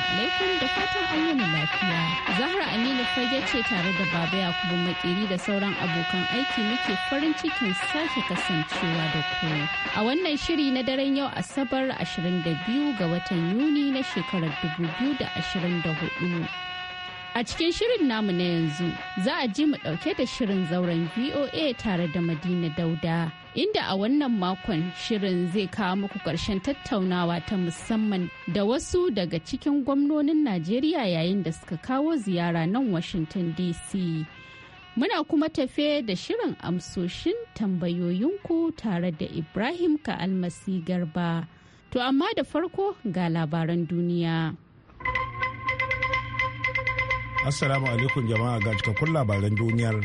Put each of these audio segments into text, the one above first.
Assalamu da fatan an yi lafiya. Zahra Aminu fage ce tare da Baba Yakubu makiri da sauran abokan aiki muke farin cikin sake kasancewa da ku. A wannan shiri na daren yau Asabar 22 ga watan Yuni na shekarar 2024. A cikin shirin namu na yanzu za a ji mu ɗauke da shirin zauren VOA tare da Madina Dauda. inda a wannan makon shirin zai kawo muku ƙarshen tattaunawa ta musamman da wasu daga cikin gwamnonin najeriya yayin da suka kawo ziyara nan washington dc muna kuma tafe da shirin amsoshin tambayoyinku tare da ibrahim ka almasi garba to amma da farko ga labaran duniya assalamu alaikum jama'a ga cikakkun labaran duniyar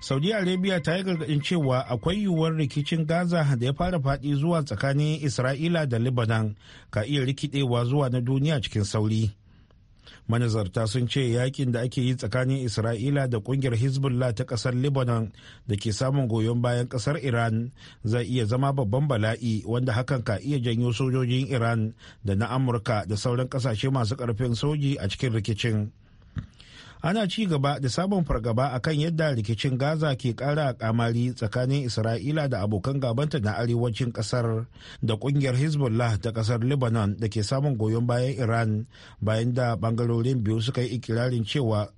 saudi arabia ta yi gargadin cewa akwai yiwuwar rikicin gaza da ya fara faɗi zuwa tsakanin isra'ila da libanan ka iya rikidewa zuwa na duniya cikin sauri manazarta sun ce yakin da ake yi tsakanin isra'ila da kungiyar hezbollah ta kasar lebanon da ke samun goyon bayan kasar iran zai iya zama babban bala'i wanda hakan ka iya janyo sojojin iran da na amurka da sauran kasashe masu karfin soji a cikin rikicin ana ci gaba da sabon fargaba a kan yadda rikicin gaza ke kara kamari tsakanin isra'ila da abokan gabanta na arewacin kasar da kungiyar hezbollah ta kasar lebanon da ke samun goyon bayan iran bayan da bangarorin biyu suka yi ikirarin cewa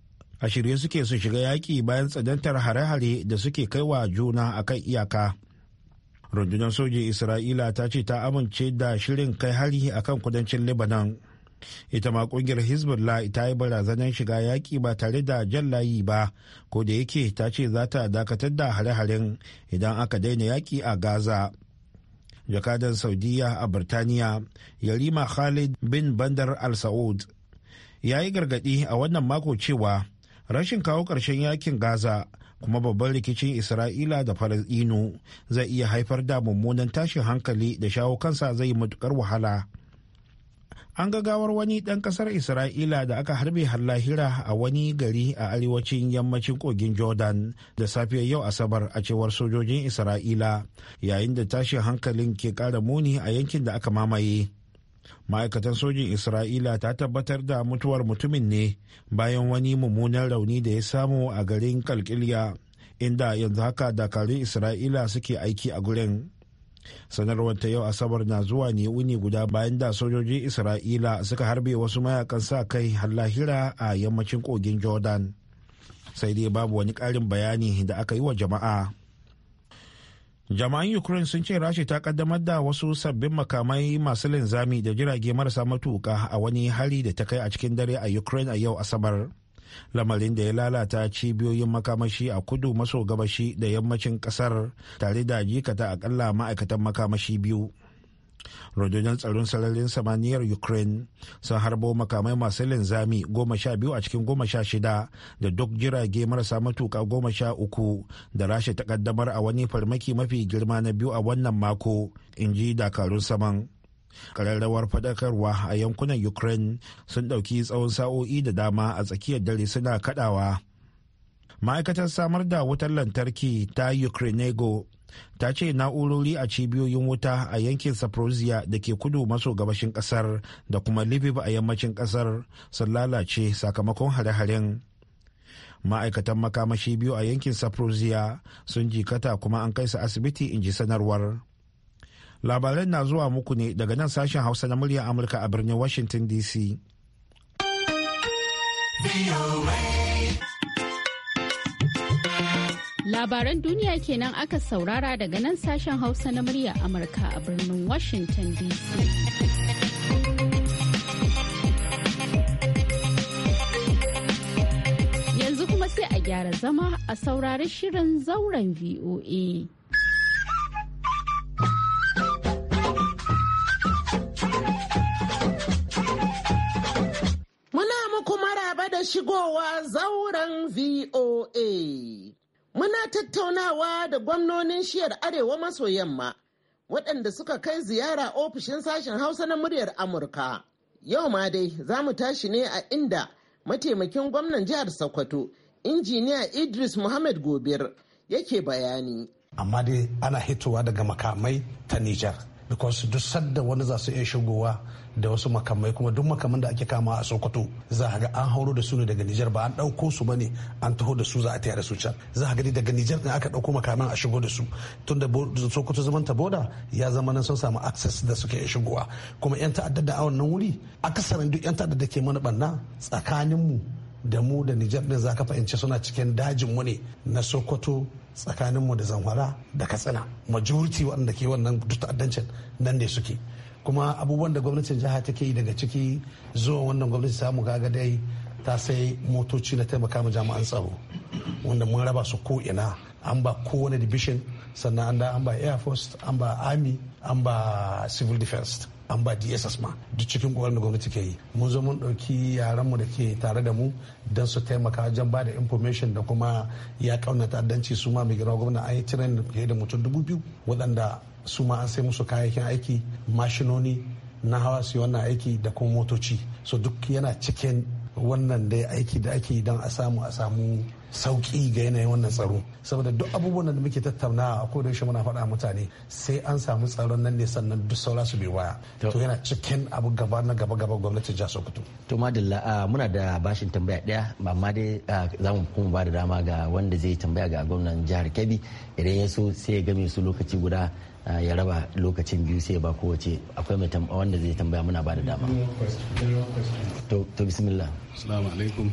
a shirye suke su shiga yaƙi bayan tsadantar hare-hare da suke kai wa juna akan iyaka rundunar sojin isra'ila ta ce ta amince da shirin kai hari akan kudancin lebanon ita ma kungiyar hezbollah ta yi barazanar shiga yaƙi ba tare da jan layi ba ko da yake ta ce za ta dakatar da hare-haren idan aka daina yaƙi a gaza jakadan saudiya a birtaniya yarima khalid bin bandar al saud ya yi gargaɗi a wannan mako cewa rashin kawo ƙarshen yakin gaza kuma babban rikicin isra'ila da falasɗinu zai iya haifar da mummunan tashin hankali da shawo kansa zai matukar wahala an gagawar wani ɗan ƙasar isra'ila da aka harbe lahira a wani gari a arewacin yammacin kogin jordan da safiyar yau asabar a cewar sojojin isra'ila yayin da tashin hankalin ke ƙara muni a yankin da aka mamaye ma'aikatan sojin isra'ila ta tabbatar da mutuwar mutumin ne bayan wani mummunan rauni da ya samu a garin kalkilya inda yanzu haka dakarun isra'ila suke aiki a gurin sanarwar ta yau asabar na zuwa ne wuni guda bayan da sojojin isra'ila suka harbe wasu mayakan sa kai lahira a yammacin kogin jordan sai dai babu wani ƙarin bayani da aka yi wa jama'a jama'an ukraine sun ce rashi ta kaddamar da wasu sabbin makamai masu linzami da jirage marasa matuka a wani hari da ta kai a cikin dare a ukraine a yau asabar lamarin da ya lalata cibiyoyin makamashi a kudu maso gabashi da yammacin kasar tare da jikata akalla ma'aikatan makamashi biyu rundunar tsaron sararin samaniyar ukraine sun harbo makamai masu linzami goma sha biyu a cikin goma sha shida da duk jirage marasa matuka goma sha uku da rasha takaddamar a wani farmaki mafi girma na biyu a wannan mako in ji dakarun saman kararrawar faɗakarwa a yankunan ukraine sun ɗauki tsawon sa'o'i da dama a tsakiyar dare suna kaɗawa ma'aikatar samar da wutar lantarki ta ukrainego ta ce na'urori a cibiyoyin wuta a yankin saprosia da ke kudu maso gabashin kasar da kuma lviv a yammacin kasar sun lalace sakamakon hare-haren ma'aikatan makamashi biyu a yankin saprosia sun jikata kuma an kai su asibiti in ji sanarwar labaran na zuwa muku ne daga nan sashen hausa na murya amurka a birnin washington dc labaran duniya kenan aka saurara daga nan sashen hausa na murya amurka a birnin washington dc yanzu kuma sai a gyara zama a saurari shirin zauren voa shigowa zauren VOA. Muna tattaunawa da gwamnonin shiyar Arewa maso yamma waɗanda suka kai ziyara ofishin sashen Hausa na muryar Amurka. Yau ma dai za mu tashi ne a inda mataimakin gwamnan jihar Sokoto, injiniya Idris Muhammad Gobir yake bayani. Amma dai ana hitowa daga makamai ta Nijar, because duk sadda wani za su iya shigowa da wasu makamai kuma duk makaman da ake kama a sokoto za a ga an hauro da su ne daga nijar ba an ɗauko su ba ne an taho da su za a tayar da su can za a gani daga nijar ne aka dauko makaman a shigo da su tunda da sokoto zaman ta boda ya zama nan sun samu access da suke shigowa kuma yan ta'addar da a wannan wuri akasarin duk yan ta'addar da ke mana banna tsakaninmu da mu da Nijar za ka fahimci suna cikin dajin mu ne na Sokoto tsakaninmu da Zamfara da Katsina majority waɗanda ke wannan duk ta'addancin nan ne suke kuma abubuwan da gwamnatin jiha take yi daga ciki zuwa wannan gwamnati samu gaga dai ta sai motoci na taimaka ma jami'an tsaro wanda mun raba su ko ina an ba kowane division sannan an da an ba air force an ba army an ba civil defense an ba dss ma duk cikin kowane da gwamnati ke yi mun zo mun ɗauki mu da ke tare da mu don su taimaka wajen ba da information da kuma ya kauna ta'addanci su ma mai gina gwamna an yi tiran da da mutum dubu biyu waɗanda su ma an sai musu kayayyakin aiki mashinoni na hawa su wannan aiki da kuma motoci so duk yana cikin wannan da aiki da ake don a samu a samu sauki ga yanayin wannan tsaro saboda duk abubuwan da muke tattauna a ko shi muna faɗa mutane sai an samu tsaron nan ne sannan duk saura su bai waya to yana cikin abu gaba na gaba gaba gwamnatin jihar Sokoto to madalla muna da bashin tambaya daya amma dai za mu kuma ba da dama ga wanda zai tambaya ga gwamnan jihar Kebbi idan ya so sai ya game su lokaci guda Ah, ya raba lokacin biyu sai ba kowace akwai mai wanda zai tambaya muna ba da dama to bismillah assalamu alaikum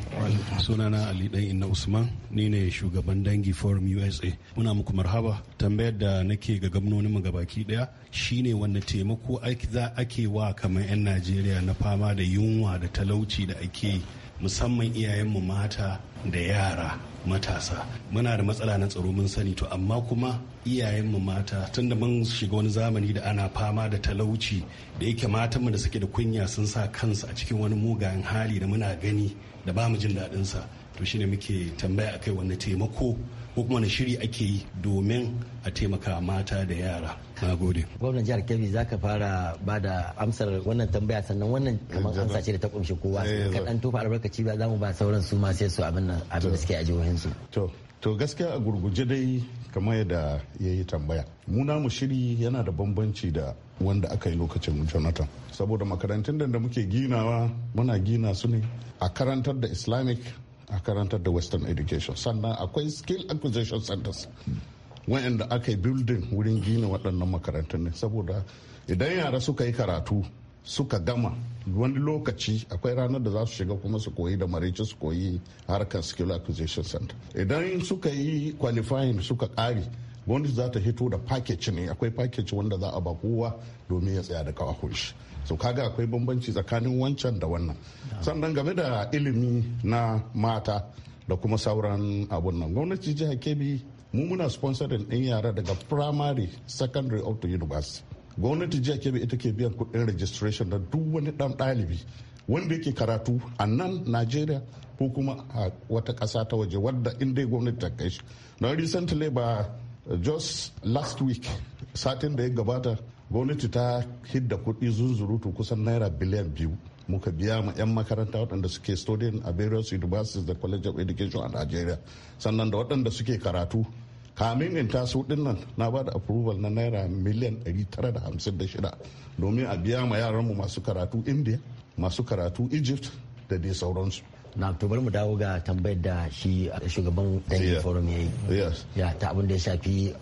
sunana ali dan inna usman ni ne shugaban dangi forum usa muna muku marhaba tambayar da nake ga gwamnonin mu gabaki daya shine wanda taimako za ake wa kamar yan najeriya na fama da yunwa da talauci da ake musamman iyayenmu mata da yara matasa muna da matsala na tsaro mun sani to amma kuma iyayenmu mata tunda mun shiga wani zamani da ana fama da talauci da yake matanmu da suke da kunya sun sa kansu a cikin wani mugayen hali da muna gani da ba mu jin daɗinsa to shine muke tambaya akai wani taimako ko kuma na shiri ake yi domin a taimaka mata da yara na gode gwamnan jihar kebbi za ka fara ba da amsar wannan tambaya sannan wannan kamar amsa ce da ta kumshi kowa eh, kaɗan tofa albarkaci ba za mu ba sauran su ma sai su abin da suke a jihohinsu to to gaskiya a gurguje dai kamar yadda ya yi tambaya mu namu shiri yana da bambanci da wanda aka yi lokacin jonathan saboda makarantun da muke ginawa muna gina su ne a karantar da islamic a karantar da western education sannan akwai skill acquisition centers wa'anda aka yi building wurin gina waɗannan makarantun ne saboda idan yara suka yi karatu suka gama wani lokaci akwai ranar da za su shiga kuma su koyi da marici su koyi harkar skill acquisition center idan suka yi qualifying suka ƙare gwamnati za ta hito da package ne akwai package wanda za a ba kowa domin ya tsaya da kawakun shi so kaga akwai bambanci tsakanin wancan da wannan sannan game da ilimi na mata da kuma sauran abun nan gwamnati jihar kebbi mu muna sponsorin din yara daga primary secondary up to university gwamnati jihar kebbi ita ke biyan kuɗin registration da duk wani dan ɗalibi wanda yake karatu a nan najeriya ko kuma a wata ƙasa ta waje wadda inda gwamnati ta kai shi na recently ba just last week satin da ya gabata gwamnati ta hidda kuɗi zunzurutu kusan naira biliyan biyu muka biya ma 'yan makaranta waɗanda suke studying a various universities da college of education a nigeria sannan da waɗanda suke karatu kamin in taso ɗin nan na ba da approval na naira miliyan 956 domin a biya ma yaranmu masu karatu india masu karatu egypt da dai sauransu na to bari mu dawo ga tambayar da shi uh, shugaban dangin forum ya yi ya ta abin da ya shafi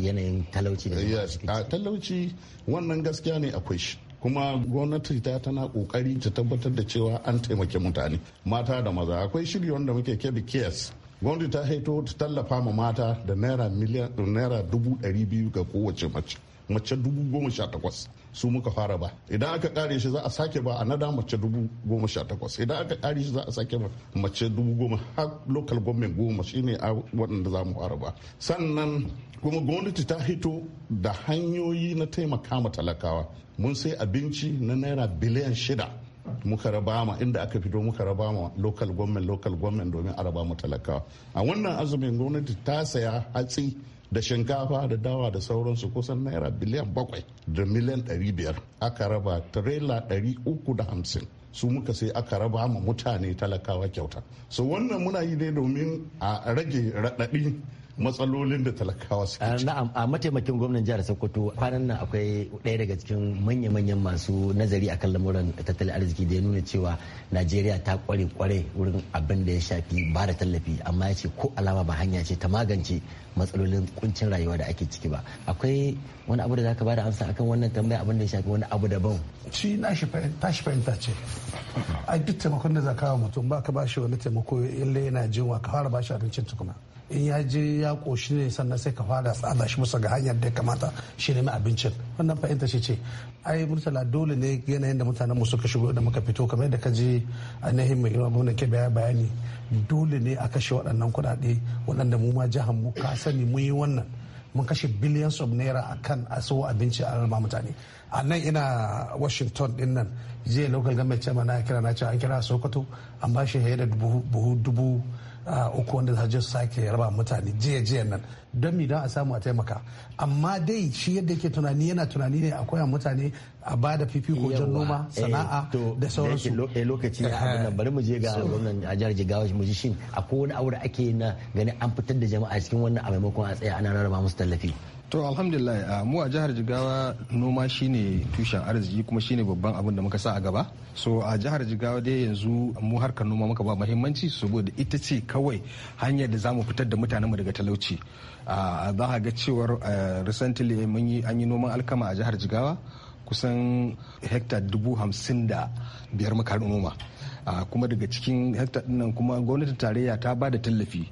yanayin talauci da a talauci wannan gaskiya ne akwai shi kuma gwamnati ta tana kokari ta tabbatar da cewa an taimake mutane mata da maza akwai shiri wanda muke da kiyas gwamnati ta haito ta tallafa ma mata da naira naira dubu ɗari biyu ga kowace mace mace dubu goma sha takwas su muka fara ba idan aka kare shi za a sake ba a nada mace dubu goma sha takwas idan aka kare shi za a sake ba mace dubu goma har local government goma shine a waɗanda za mu fara ba sannan kuma gwamnati ta hito da hanyoyi na taimaka ma talakawa mun sai abinci na naira biliyan shida muka raba ma inda aka fito muka raba ma local government local government domin a raba ma talakawa a wannan azumin gwamnati ta saya hatsi da shinkafa da dawa da sauransu kusan naira biliyan bakwai da miliyan ɗari biyar aka raba tirela ɗari uku da hamsin su muka sai aka raba ma mutane talakawa kyauta so wannan muna yi ne domin a rage raɗaɗi matsalolin da talakawa suke ah, na'am a ah, mataimakin gwamnan jihar Sokoto kwanan nan akwai ɗaya daga cikin manya-manyan masu nazari akan lamuran tattalin arziki da ya nuna cewa Najeriya ta kware kware wurin abin da ya shafi ba da tallafi amma ya ce ko alama ba hanya ce ta magance matsalolin kuncin rayuwa da ake ciki ba akwai wani abu da zaka bada amsa akan wannan tambaya abin da ya shafi wani abu daban shi na shi fahimta ce a duk taimakon da ka wa mutum ba ka ba shi wani taimako yalle yana jinwa ka fara ba shi abincin tukuna in ya je ya koshi ne sannan sai ka fara tsada shi musu ga hanyar da ya kamata shi ne mai abincin wannan fahimta shi ce ai murtala dole ne yanayin da mutanen mu suka shigo da muka fito kamar da ka ji nahin mai girma gwamnan ke bayani dole ne a kashe waɗannan kuɗaɗe waɗanda mu ma jihar mu ka sani mun yi wannan mun kashe billions of naira a kan a abinci a rama mutane a nan ina washington din nan jiya local government chairman na kira na cewa an kira sokoto an ba shi da buhu dubu uku wanda za su sake raba mutane jiya jiya nan don mi don a samu a taimaka amma dai shi yadda yake tunani yana tunani ne a koya mutane a ba da fifiko wajen noma eh, sana'a da sauransu eh, lokaci eh, bari mu je ga gwamnan a jihar jigawa mu ji shin akwai wani aure ake na ganin an fitar da jama'a cikin wannan a maimakon a tsaya ana rarraba musu tallafi to alhamdulillah mu a jihar jigawa noma shine tushen arziki kuma shine babban abin da muka sa a gaba so a jihar jigawa dai yanzu mu harkar noma muka ba mahimmanci saboda ita ce kawai hanyar da zamu fitar da mutanenmu daga talauci za a ga cewar recently mun yi an yi noman alkama a jihar jigawa kusan hekta dubu hamsin da biyar muka noma kuma daga cikin hektar nan kuma gwamnatin tarayya ta ba da tallafi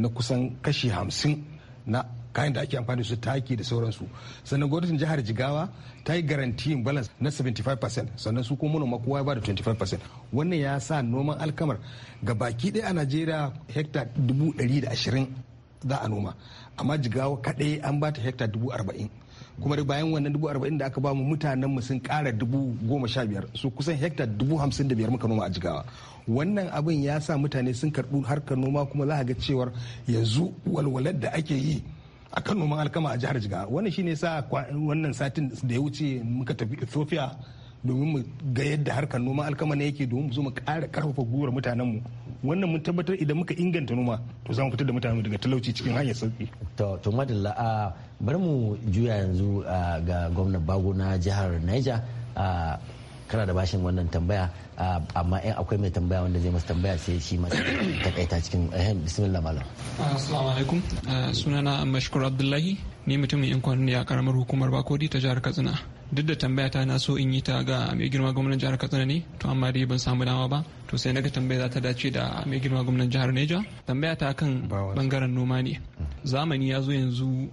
na kusan kashi hamsin na kayan da ake amfani su taki da sauransu sannan gwamnatin jihar jigawa ta yi garantiyin balance na 75% sannan su kuma manoma kowa ba da 25% wannan ya sa noman alkamar ga baki ɗaya a najeriya hekta 120 za a noma amma jigawa kaɗai an ba ta hekta 40 kuma da bayan wannan dubu arba'in da aka ba mu mutanen sun kara dubu goma su kusan hekta dubu hamsin da muka noma a jigawa wannan abin ya sa mutane sun karɓi harkar noma kuma za a ga cewar yanzu walwalar da ake yi akan noman alkama a jihar jigawa wannan shine sa wannan satin da ya wuce muka tafi ethiopia domin mu ga yadda harkar noman alkama ne yake domin mu zo mu kara karfafa gwiwar mutanenmu wannan mun tabbatar idan muka inganta noma to za mu fitar da mutane daga talauci cikin hanyar sauki. to to madalla a bar mu juya yanzu ga gwamnan bago na jihar niger kana da bashin wannan tambaya amma in akwai mai tambaya wanda zai masa tambaya sai shi masu takaita cikin ehem bismillah malam ah, assalamu alaikum ah, sunana mashkur abdullahi ni mutumin yan kwanan ya karamar hukumar bakodi ta jihar katsina duk da tambaya ta na so in yi ta ga mai girma gwamnan jihar katsina ne to amma dai ban samu dama ba to sai naga tambaya za ta dace da mai girma gwamnan jihar neja tambaya ta kan bangaren noma ne mm. zamani ya zo yanzu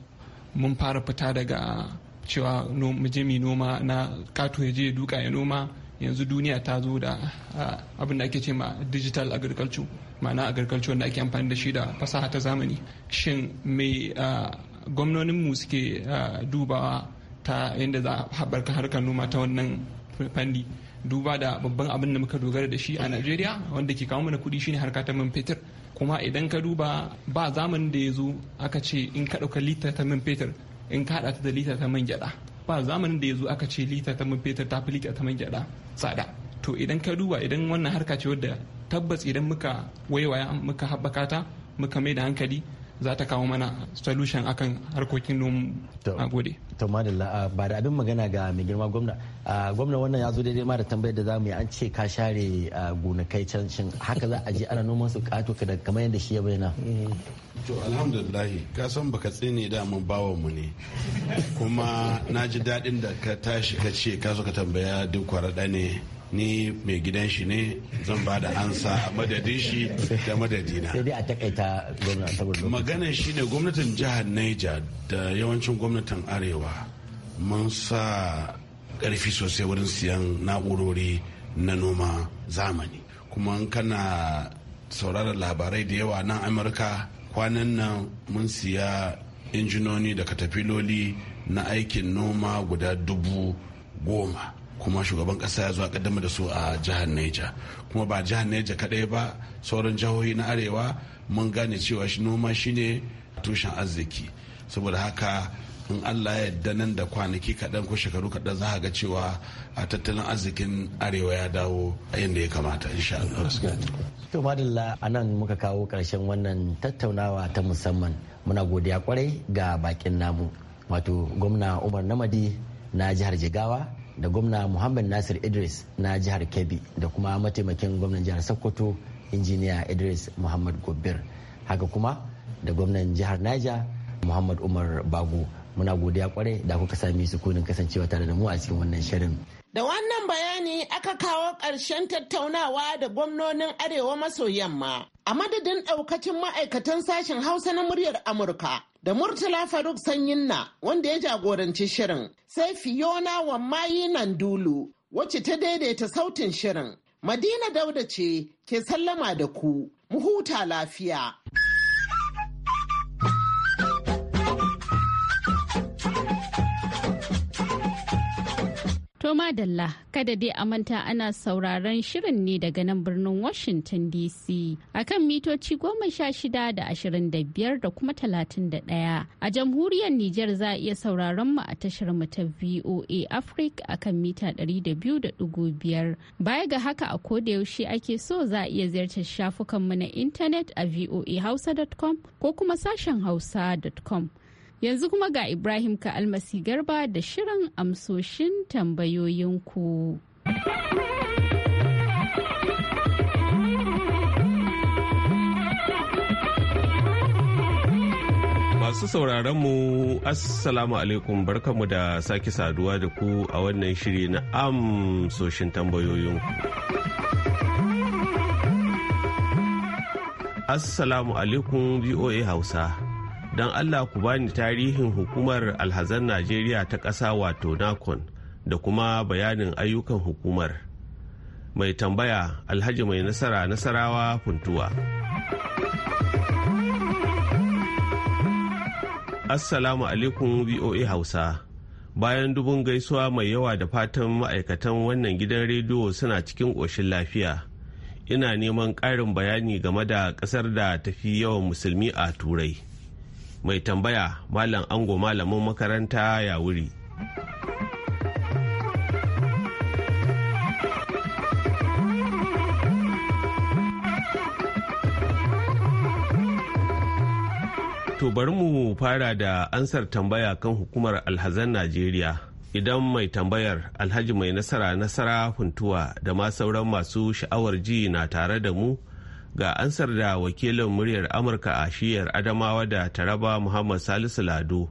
mun fara fita daga cewa muje mu noma na kato ya je ya duka ya noma yanzu duniya ta zo da abin da ake ce ma digital agriculture ma'ana agriculture da ake amfani da shi da fasaha ta zamani shin mai gwamnoninmu suke dubawa ta yadda za a haɓarka harkar noma ta wannan fandi duba da babban abin da muka dogara da shi a najeriya wanda ke kawo mana kuɗi shine harka ta man fetur kuma idan ka duba ba zamanin da ya zo aka ce in ka ɗauka lita ta man fetur in ka haɗa ta da lita ta man gyaɗa ba zamanin da ya zo aka ce lita ta man fetur ta fi lita ta man gyaɗa tsada to idan ka duba idan wannan harka ce wadda tabbas idan muka waiwaya muka haɓaka ta muka mai da hankali za ta kawo mana solution akan harkokin noma a gode. to madalla ba da abin magana ga mai girma gwamna gwamna wannan ya zo daidai ma da tambayar da za mu yi an ce ka share gonakai can shin haka za a je ana noman su kato da kamar yadda shi ya bayyana eh. to alhamdulahi ka san baka tsine mun bawan mu ne kuma na ji daɗin da ka tashi ka ce ka so ka tambaya duk kwaraɗa ne ni mai gidan shi ne zan ba da ansa a madadin shi da madadina sai dai a takaita gwamnati saboda magana shi ne gwamnatin jihar Niger da yawancin gwamnatin arewa mun sa ƙarfi sosai wurin siyan na'urori na noma zamani kuma kana sauraron labarai da yawa nan amurka kwanan nan mun siya injinoni da katafiloli na aikin noma guda dubu goma kuma shugaban kasa ya zo a kaddama da su a jihar Neja kuma ba jihar Neja kadai ba sauran jihohi na arewa mun gane cewa shi noma shine tushen arziki saboda haka in Allah ya yarda nan da kwanaki kaɗan ko shekaru kaɗan za a ga cewa a tattalin arzikin arewa ya dawo a yadda ya kamata insha Allah. madalla a nan muka kawo ƙarshen wannan tattaunawa ta musamman muna godiya kwarai ga bakin namu wato gwamna Umar Namadi na jihar Jigawa da gwamna muhammad nasir idris na jihar kebbi da kuma mataimakin gwamnan jihar sokoto injiniya idris muhammad gobir haka kuma da gwamnan jihar niger muhammad umar bago muna godiya kwarai da kuka sami sukunin kasancewa tare da mu a cikin wannan shirin da wannan bayani aka kawo ƙarshen tattaunawa da gwamnonin arewa maso yamma a madadin ɗaukacin ma'aikatan sashen Hausa na muryar Amurka. Da Murtala Faruk Sanyinna wanda ya jagoranci shirin sai Fiona Wammayi Nandulu wacce ta daidaita sautin shirin. Madina Dauda ce ke sallama da ku, mu huta lafiya. To Madalla, kada dai a manta ana sauraron shirin ne daga nan birnin Washington DC akan mitoci goma sha shida da ashirin da biyar da kuma talatin da ɗaya. A jamhuriyar Nijar za a iya sauraron mu a tashar mu ta VOA Africa akan mita ɗari da biyu da ɗigo biyar. Baya ga haka a koda yaushe ake so za a iya ziyartar shafukan mu na intanet a voahausa.com ko kuma sashen hausa.com. Yanzu kuma ga Ibrahim ka almasi garba da shirin amsoshin tambayoyinku. Masu sauraronmu, Assalamu alaikum barkanmu da sake saduwa da ku a wannan shiri na amsoshin tambayoyinku. Assalamu alaikum VOA Hausa. don allah ku bani tarihin hukumar alhazan najeriya ta ƙasa wato nakon da kuma bayanin ayyukan hukumar mai tambaya alhaji mai nasara nasarawa funtuwa assalamu alaikum voa hausa bayan dubun gaisuwa mai yawa da fatan ma'aikatan wannan gidan rediyo suna cikin ƙoshin lafiya ina neman ƙarin bayani game da ƙasar da tafi yawan musulmi a turai mai tambaya malam ango malamin makaranta ya wuri to bari mu fara da ansar tambaya kan hukumar alhazan najeriya idan mai tambayar alhaji mai nasara nasara funtuwa da ma sauran masu sha'awar ji na tare da mu ga ansar da wakilin muryar amurka a shiyar adamawa da taraba muhammad salisu lado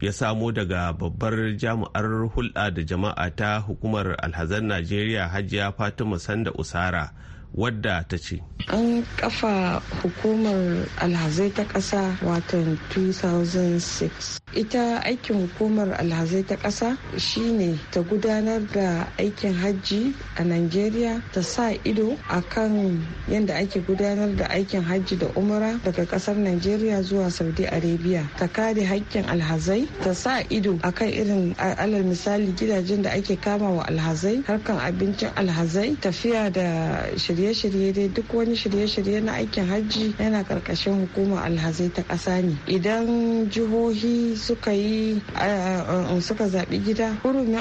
ya samo daga babbar jami'ar hulɗa da jama'a ta hukumar alhazan najeriya hajiya fatima sanda usara wadda ta ce an kafa hukumar alhazai ta kasa watan 2006 ita aikin hukumar alhazai ta ƙasa shine ta gudanar da aikin hajji a nigeria ta sa ido a kan yadda ake gudanar da aikin hajji da umara daga kasar nigeria zuwa saudi arabia ta kare hakkin alhazai ta sa ido a kan irin alal misali gidajen da ake kama wa alhazai harkan abincin alhazai tafiya da shirye-shirye dai duk wani shirye-shirye na aikin hajji yana karkashin hukumar alhazai ta ƙasa ne idan jihohi suka yi suka zaɓi gida hurumin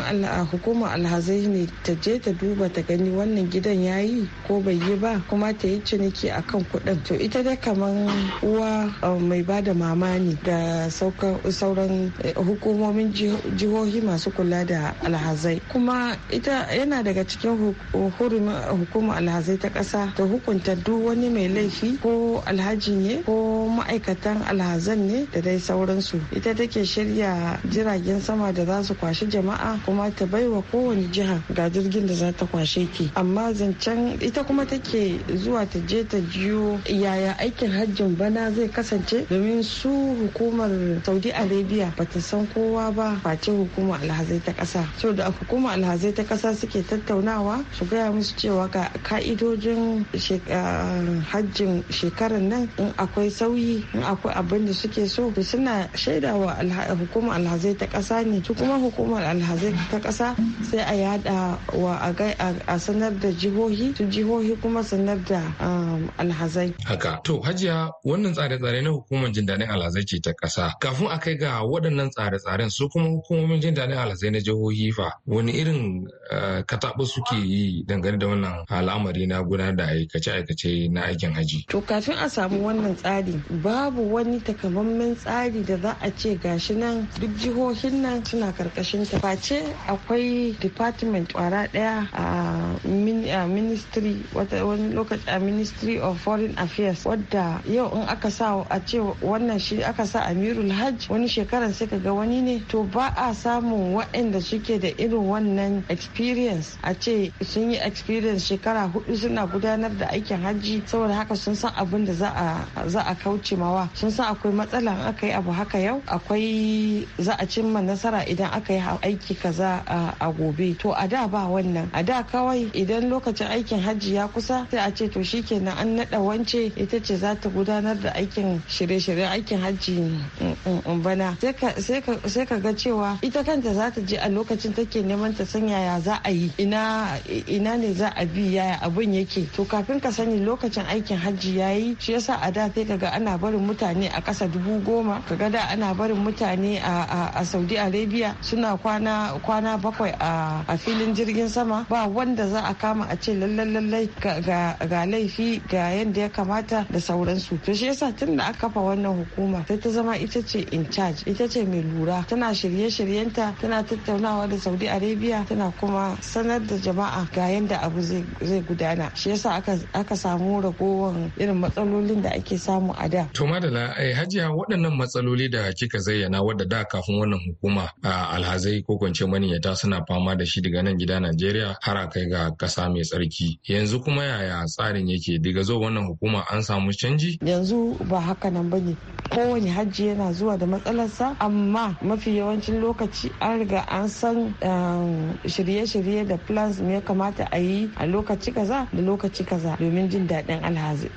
hukumar alhazai ne ta je ta duba ta gani wannan gidan ya yi ko bai yi ba kuma ta yi ciniki akan kuɗin to ita dai kamar uwa mai ba da mama ne da sauran eh, hukumomin jihohi masu kula da alhazai kuma ita yana daga cikin hurumin hukumar alhazai ta ta ƙasa ta hukunta duk wani mai laifi ko alhaji ne ko ma'aikatan alhazan ne da dai sauransu ita take shirya jiragen sama da za su kwashi jama'a kuma ta baiwa kowane jiha ga jirgin da za ta kwashe ki amma zancen ita kuma take zuwa ta je ta jiyo yaya aikin hajjin bana zai kasance domin su hukumar saudi arabia bata san kowa ba face hukumar alhazai ta ƙasa so da hukumar alhazai ta ƙasa suke tattaunawa su gaya musu cewa ga ka'idoji wajen ah, hajjin shekarar nan in akwai sauyi in akwai abin da suke so to suna shaidawa hukumar alhazai ta kasa ne su kuma hukumar alhazai ta kasa sai a yada wa a sanar da jihohi su jihohi kuma sanar da um, alhazai. Haka to hajiya wannan tsare-tsare na hukumar jin daɗin alhazai ce ta kasa kafin a kai ga waɗannan tsare-tsaren su kuma hukumomin jin daɗin alhazai na jihohi fa wani irin eh, kataɓa suke yi dangane da wannan al'amari na gudanar da aikace-aikace na aikin haji. To kafin a samu wannan tsari babu wani takamammen tsari da za a ce gashi nan duk jihohin nan suna karkashin ta face akwai department kwara daya a ministry wani lokaci a ministry of foreign affairs wadda yau in aka sa a ce wannan shi aka sa amirul hajj wani shekaran sai ga wani ne to ba a samun waɗanda suke da irin wannan experience a ce sun yi experience shekara hudu suna suna gudanar da aikin hajji saboda haka sun san abin da za a kauce mawa sun san akwai matsala aka yi abu haka yau akwai za a cimma nasara idan aka yi aiki kaza a gobe to a da ba wannan a da kawai idan lokacin aikin hajji ya kusa sai a ce to shikenan an naɗa wance ita ce za ta gudanar da aikin shirye-shiryen aikin hajji mm, mm, mm, bana sai ka ga cewa ita kanta za ta je a lokacin take neman ta san yaya za a yi ina ne za a bi yaya abin yake yake to kafin ka sani lokacin aikin hajji ya yi shi yasa a da sai kaga ana barin mutane a ƙasa dubu goma ka ga da ana barin mutane a saudi arabia suna kwana kwana bakwai a filin jirgin sama ba wanda za a kama a ce lallai lallai ga laifi ga yadda ya kamata da sauransu to shi yasa tun da aka kafa wannan hukuma sai ta zama ita ce in charge ita ce mai lura tana shirye-shiryenta tana tattaunawa da saudi arabia tana kuma sanar da jama'a ga yadda abu zai gudana shi yasa aka samu ragowar irin matsalolin da ake samu a da. To madala eh, hajiya waɗannan matsaloli da kika zayyana wadda da kafin wannan hukuma a alhazai ko kwance maniyyata suna fama da shi daga nan gida Najeriya har a kai ga ƙasa mai tsarki. Yanzu kuma yaya tsarin yake daga zo wannan hukuma an samu canji? Yanzu ba haka nan ba ne. Kowane hajji yana zuwa da matsalarsa amma mafi yawancin lokaci an riga an san um, shirye-shirye da plans me ya kamata a yi a lokaci kaza da lokaci kaza domin jin daɗin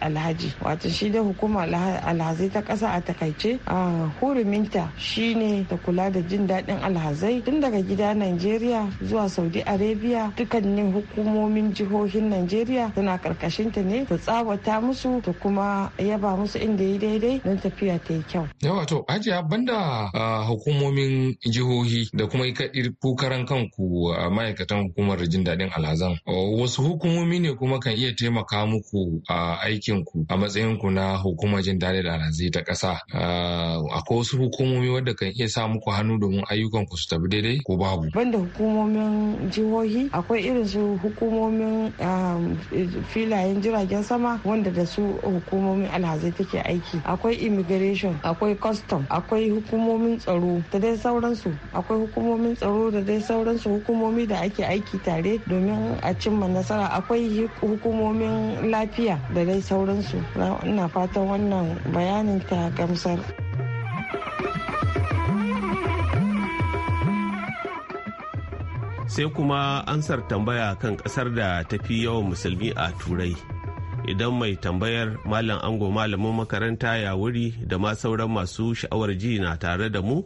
alhaji wato shi dai hukuma alhazai ta ƙasa a takaice a huruminta ne ta kula da jin daɗin alhazai tun daga gida nigeria zuwa Saudi Arabia dukkanin hukumomin jihohin Najeriya tana karkashinta ne ta tsawata musu ta kuma yaba musu inda ya daidai don tafiya ta yi kyau. ajiya banda hukumomin jihohi da kuma ku kanku ma'aikatan hukumar jin daɗin alhazan wasu hukumomi ne kuma kuma kan iya taimaka muku a aikinku a matsayinku na hukumar jin daɗi da alhazai ta ƙasa. Akwai wasu hukumomi wadda kan iya sa muku hannu domin ayyukan ku su tafi daidai ko babu. Banda hukumomin jihohi akwai irin su hukumomin filayen jiragen sama wanda da su hukumomin alhazai take aiki. Akwai immigration, akwai custom, akwai hukumomin tsaro da dai sauransu. Akwai hukumomin tsaro da dai sauransu hukumomi da ake aiki tare domin a cimma nasara. Akwai hukumomin lafiya da dai sauransu ina fatan wannan bayanin ta gamsar sai kuma ansar tambaya kan kasar da ta fi yawan musulmi a turai idan mai tambayar malam ango malamin makaranta ya wuri da ma sauran masu sha'awar ji na tare da mu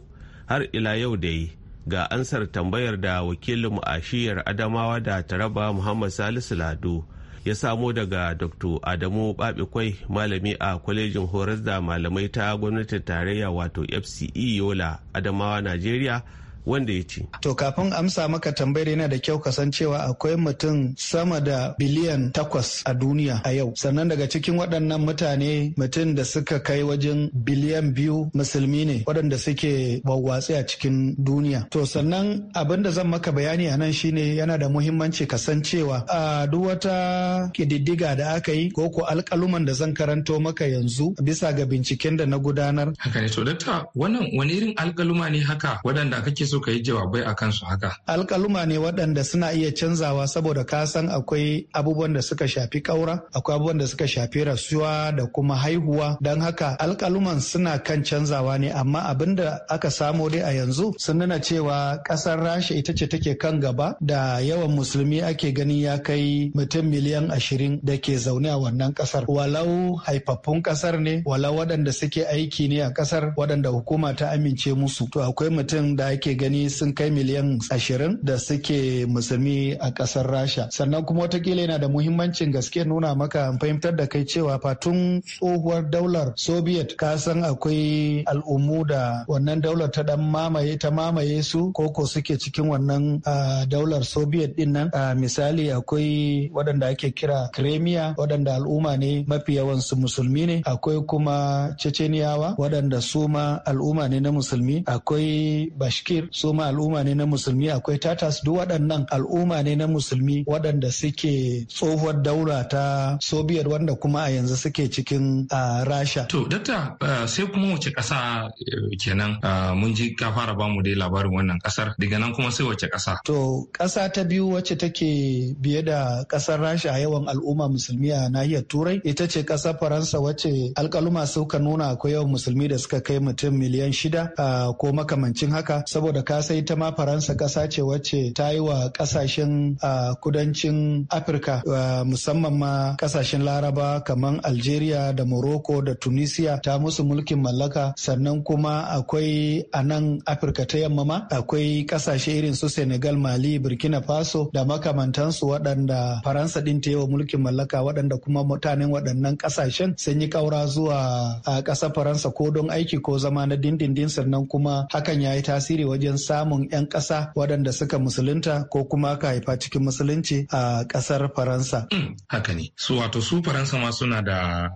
har ila yau da yi ga ansar tambayar da wakilinmu a shiyar adamawa da taraba muhammad salisu lado ya samo daga dr adamu babikwai malami a kwalejin horar da malamai ta gwamnatin tarayya wato fce yola adamawa najeriya wanda ya ce. To kafin amsa maka tambayar yana da kyau kasancewa akwai mutum sama da biliyan takwas a duniya a yau. Sannan daga cikin waɗannan mutane mutum da suka kai wajen biliyan biyu musulmi ne waɗanda suke wawwatsi a cikin duniya. To sannan abin da zan maka bayani a nan shine yana da muhimmanci kasancewa a duk wata kididdiga da aka yi ko ko alƙaluman da zan karanto maka yanzu bisa ga binciken da na gudanar. Haka ne to dakta wannan wani irin alƙaluma ne haka waɗanda kake so so ka yi jawabai a kansu haka. Alkaluma ne waɗanda suna iya canzawa saboda ka san akwai abubuwan da suka shafi ƙaura, akwai abubuwan da suka shafi rasuwa da kuma haihuwa. Don haka alkaluman suna kan canzawa ne amma abin da aka samo dai a yanzu sun nuna cewa ƙasar Rasha ita ce take kan gaba da yawan musulmi ake gani ya kai mutum miliyan ashirin da ke zaune a wannan ƙasar. Walau haifaffun ƙasar ne, walau waɗanda suke aiki ne a ƙasar waɗanda hukuma ta amince musu. To akwai mutum da ake gani gani sun kai miliyan ashirin da suke musulmi a ƙasar rasha sannan kuma watakila yana da muhimmancin gaske nuna maka fahimtar da kai cewa fatun tsohuwar daular soviet ka san akwai al'ummu da wannan daular ta dan mamaye ta mamaye su koko suke cikin wannan daular soviet din nan misali akwai waɗanda ake kira kremia waɗanda al'umma ne mafi yawansu musulmi ne akwai kuma ceceniyawa waɗanda su ma al'umma ne na musulmi akwai bashkir su ma al'umma ne na musulmi akwai tatas duk waɗannan al'umma ne na musulmi waɗanda suke tsohuwar daura ta soviet wanda kuma a yanzu suke cikin rasha to datta sai kuma wace ƙasa eh, kenan mun ji ka fara bamu dai labarin wannan ƙasar daga nan kuma sai wace ƙasa to ƙasa ta biyu wacce take biye da ƙasar rasha a yawan al'umma musulmi a nahiyar turai ita ce ƙasar faransa wacce alƙaluma suka nuna akwai yawan musulmi da suka kai mutum miliyan shida ko makamancin haka saboda saboda ka sai ta ma faransa ƙasa ce wacce ta yi wa ƙasashen kudancin afirka musamman ma ƙasashen laraba kamar algeria da morocco da tunisia ta musu mulkin mallaka sannan kuma akwai a nan afirka ta yamma ma akwai ƙasashe irin su senegal mali burkina faso da makamantansu waɗanda faransa ɗin ta yi wa mulkin mallaka waɗanda kuma mutanen waɗannan kasashen sun yi ƙaura zuwa a ƙasar faransa ko don aiki ko zama na dindindin sannan kuma hakan ya yi tasiri wajen wajen samun 'yan ƙasa waɗanda suka musulunta ko kuma ka haifa cikin musulunci a ƙasar Faransa. Hmm, haka ne. Su wato su Faransa ma suna da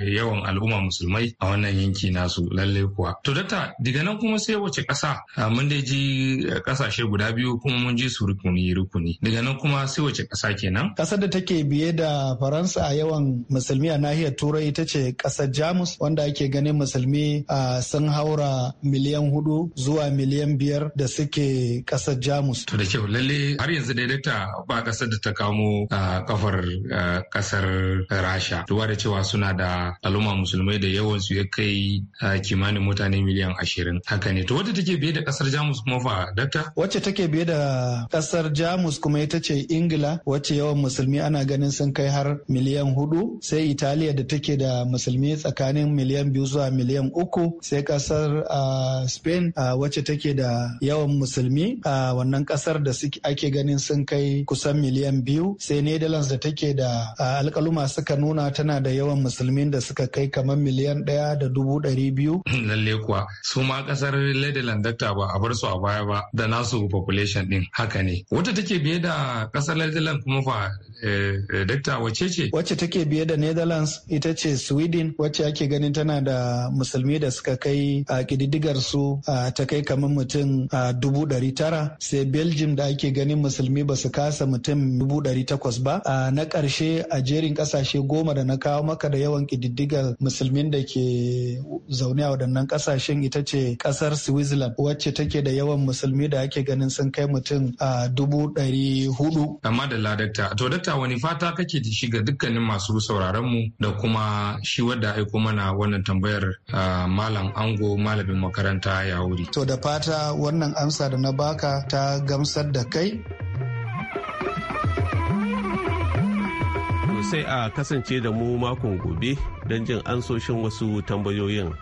yawan al'umma musulmai a wannan yanki nasu lalle kuwa. To data daga nan kuma sai wace ƙasa mun dai ji ƙasashe guda biyu kuma mun ji su rukuni rukuni. Daga nan kuma sai wace ƙasa kenan? Ƙasar da take biye da Faransa a yawan musulmi a nahiyar Turai ita ce ƙasar Jamus wanda ake ganin musulmi sun haura miliyan hudu zuwa miliyan biyar biyar da suke kasar jamus to da kyau lalle har yanzu dai dakta ba kasar da ta kamo a kafar kasar rasha duba da cewa suna da al'umma musulmai da yawan su ya kai kimanin mutane miliyan ashirin haka ne to wacce take biye da kasar jamus kuma fa dakta wacce take biye da kasar jamus kuma ita ce ingila wacce yawan musulmi ana ganin sun kai har miliyan hudu sai italiya da take da musulmi tsakanin miliyan biyu zuwa miliyan uku sai kasar spain wacce take da yawan musulmi a wannan kasar da ake ganin sun kai kusan miliyan biyu sai netherlands da take da alkaluma suka nuna tana da yawan musulmi da suka kai kamar miliyan ɗaya da dubu ɗari biyu hmm, lalle kuwa su ma kasar netherlands dakta ba a bar su a baya ba da nasu population din haka ne wata take biye da kasar netherlands kuma fa Eh, eh, dakta wace ce? Wacce take biye da Netherlands ita ce Sweden wacce ake ganin tana da musulmi da suka kai a kididdigar su ta kai kamar mutum dubu ɗari tara sai Belgium da ake ganin musulmi ba su kasa mutum dubu ɗari takwas ba. a Na ƙarshe a jerin ƙasashe goma da na kawo maka da yawan kididdigar musulmin da ke zaune a waɗannan ƙasashen ita ce ƙasar Switzerland wacce take da yawan musulmi da ake ganin sun kai mutum a dubu ɗari hudu. Amma da ladakta, to Dakta wani fata kake ta shiga dukkanin masu sauraron mu da kuma shi wadda aiko mana wannan tambayar malam ango malamin makaranta ya wuri. To da fata wannan amsa da na baka ta gamsar da kai sai a kasance da mu makon gobe don jin ansoshin wasu tambayoyin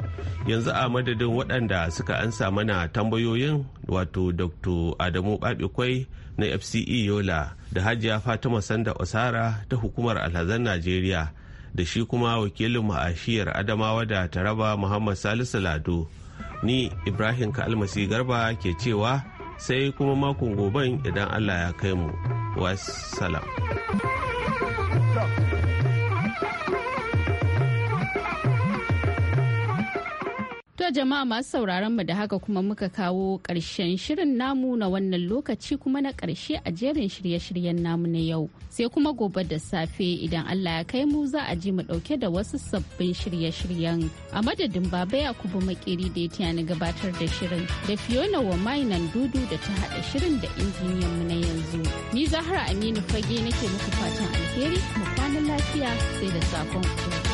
yanzu a madadin waɗanda suka ansa mana tambayoyin wato dr adamu babikwai na fce yola da hajiya fatima sanda osara ta hukumar alhazan najeriya da shi kuma wakilin ma'ashiyar adamawa da taraba muhammad salisu lado ni ibrahim kalmasi garba ke cewa sai kuma makon goben idan allah ya kai mu wassalam To jama'a masu sauraron mu da haka kuma muka kawo ƙarshen shirin namu na wannan lokaci kuma na ƙarshe a jerin shirye-shiryen namu na yau. Sai kuma gobe da safe idan Allah ya kai mu za a ji mu ɗauke da wasu sabbin shirye-shiryen. A madadin Baba Yakubu Makeri da ya tiyani gabatar da shirin da Fiona wa mainan dudu da ta haɗa shirin da injiniyan mu na yanzu. Ni Zahra Aminu Fage nake muku fatan alheri mu kwana lafiya sai da safon ku.